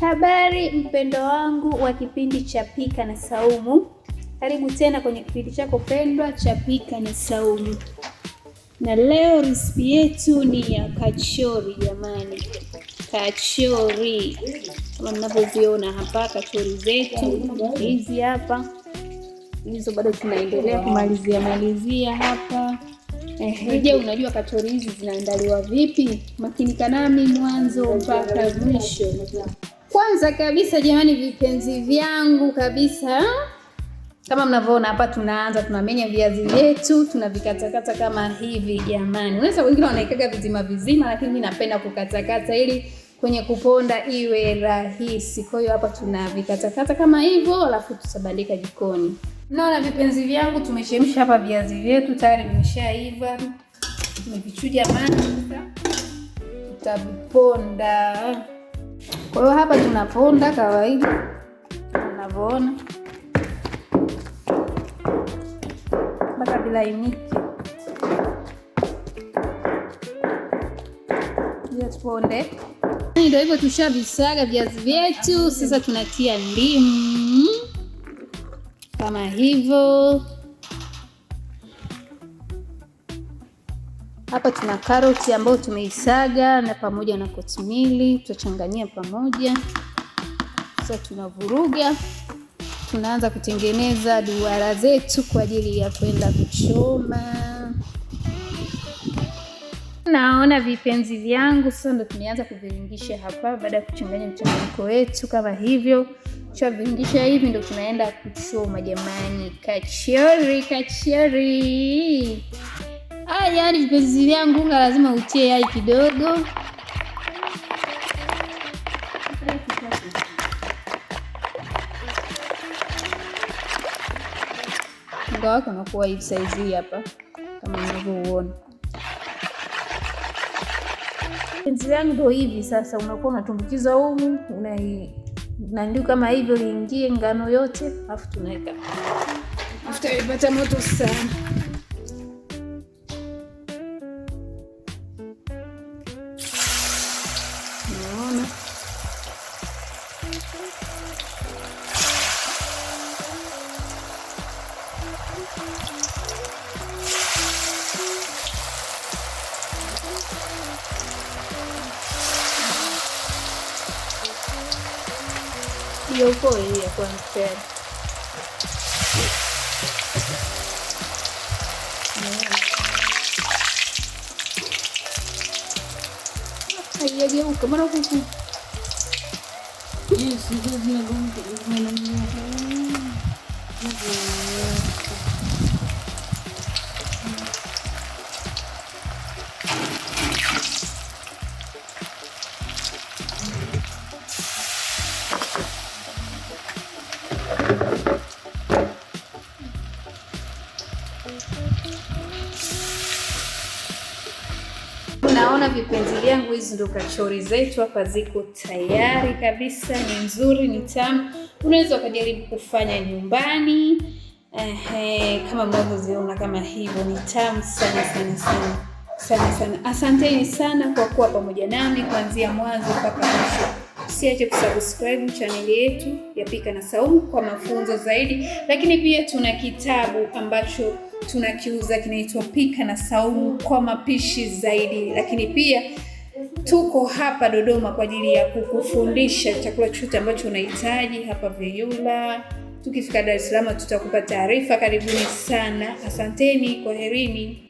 Habari mpendo wangu wa kipindi cha Pika na Saumu, karibu tena kwenye kipindi chako pendwa cha Pika na Saumu, na leo risipi yetu ni ya kachori. Jamani, kachori kama mnavyoziona hapa, kachori zetu hizi hapa, hizo bado tunaendelea kumalizia malizia hapa Ehe, je, unajua katori hizi zinaandaliwa vipi? Makinika nami mwanzo mpaka mwisho. Kwanza kabisa jamani, vipenzi vyangu kabisa, kama mnavyoona hapa, tunaanza tunamenya viazi vyetu, tunavikatakata kama hivi. Jamani, unaweza wengine wanaikaga vizima vizima, lakini mimi napenda kukatakata ili kwenye kuponda iwe rahisi. Kwa hiyo hapa tunavikatakata kama hivyo, alafu tutabandika jikoni. Naona vipenzi vyangu, tumechemsha hapa viazi vyetu tayari vimeshaiva, tumevichuja maji, tutaviponda. Kwa hiyo hapa tunaponda kawaida, unavyoona mpaka vilainike. Tuponde, ndio hivyo, tushavisaga viazi vyetu, sasa tunatia ndimu kama hivyo. Hapa tuna karoti ambayo tumeisaga na pamoja na kotimili, tutachanganyia pamoja. Sasa tunavuruga, tunaanza kutengeneza duara zetu kwa ajili ya kwenda kuchoma. Naona vipenzi vyangu, sasa ndo tumeanza kuviringisha hapa, baada ya kuchanganya mchanganyiko wetu kama hivyo. Kisha hivi ndo tunaenda kuchoma jamani, kachori kachori. Haya, yani vipenzi vyangu, unga lazima utie yai kidogo unga wake unakuwa hivi saizi hapa kama unavyouona. Penzi yangu ndo hivi sasa, unakuwa unatumbukiza humu unai na ndio kama hivyo, liingie ngano yote, afu tunaweka mafuta. Imepata moto sana. e euforia quando quero. Aí ali é o camarão com o Isso, isso, isso, isso, isso, isso, isso, me isso, Naona vipenzi vyangu, hizi ndo kachori zetu hapa, ziko tayari kabisa. Ni nzuri, ni tamu, unaweza ukajaribu kufanya nyumbani. Ehe, kama mnavyoziona kama hivyo, ni tamu sana sana sana sana sana. Asanteni sana kwa kuwa pamoja nami kuanzia mwanzo mpaka mwisho. Usiache kusubscribe chaneli yetu ya Pika na Saumu kwa mafunzo zaidi, lakini pia tuna kitabu ambacho tunakiuza kinaitwa Pika na Saumu kwa mapishi zaidi, lakini pia tuko hapa Dodoma kwa ajili ya kukufundisha chakula chote ambacho unahitaji hapa Veyula. Tukifika Dar es Salaam tutakupa taarifa. Karibuni sana, asanteni, kwaherini.